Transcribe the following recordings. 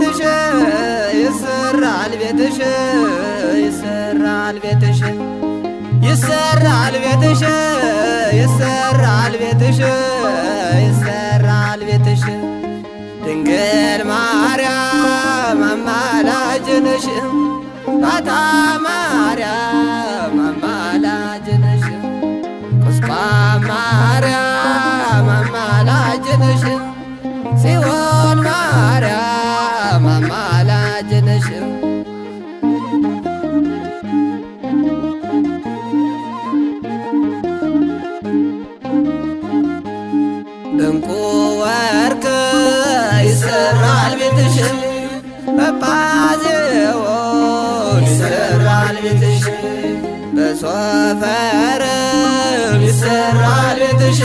ቤትሽ ይሰራል ቤትሽ ይሰራል ቤትሽ ይሰራል ቤትሽ ይሰራል ቤትሽ ይሰራል ቤትሽ ድንግል ማርያም አማላጅ ነሽ በአዜዎን ይሰራል ቤትሽ በሶፈርም ይሰራል ቤትሽ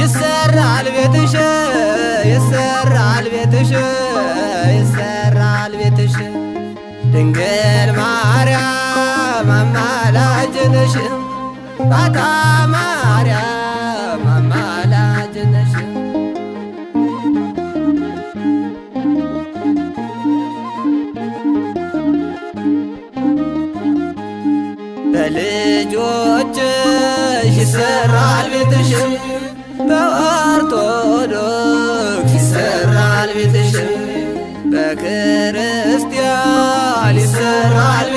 ይሰራል ቤትሽ ይሰራል ቤትሽ ይሰራል ቤትሽ ይሰራል ቤትሽ ድንግል ማርያም አማላጅነሽ ባታ ማርያም enerji. በልጆችሽ ይሰራል ቤትሽም በኦርቶዶክስ ይሰራል ቤትሽም በክርስቲያን ይሰራል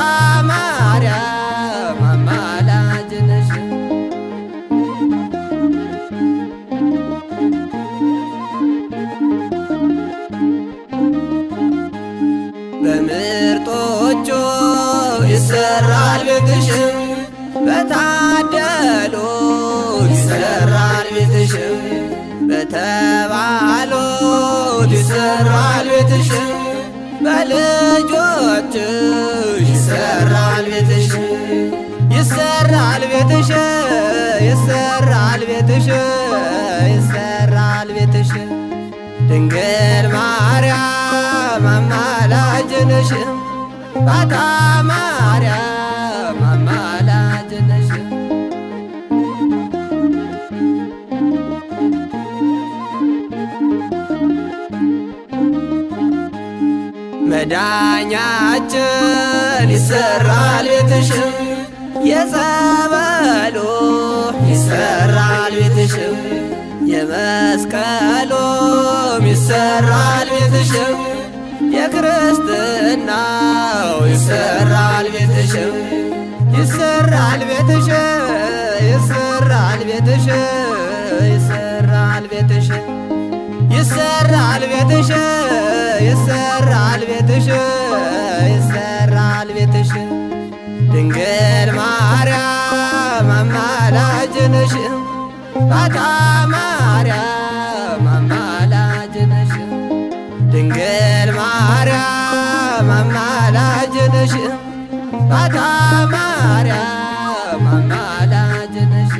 አማላጅነሽም አታ በምርጦቹ ይሰራል ቤትሽም በታደሉ ይሰራል ቤትሽም በተ ለልጆችሽ ይሰራል ቤትሽ ይሰራል ቤትሽ ይሰራል ቤትሽ ይሰራል ቤትሽ ድንግል ማርያም አማላጅ ባታ ማርያም መዳኛችን ይሰራል ቤትሽም የጸበሉ ይሰራል ቤትሽም የመስቀሉም ይሰራል ቤትሽም የክርስትናው ይሰራል ቤትሽም ይሰራል ቤትሽ ይሰራል ቤትሽ ይሰራል ቤትሽ ይሰራል ቤትሽ ፊትሽ ይሰራል ቤትሽ ድንግል ማርያም አማላጅነሽ ባታ ማርያም አማላጅነሽ ድንግል ማርያም አማላጅነሽ ባታ ማርያም አማላጅነሽ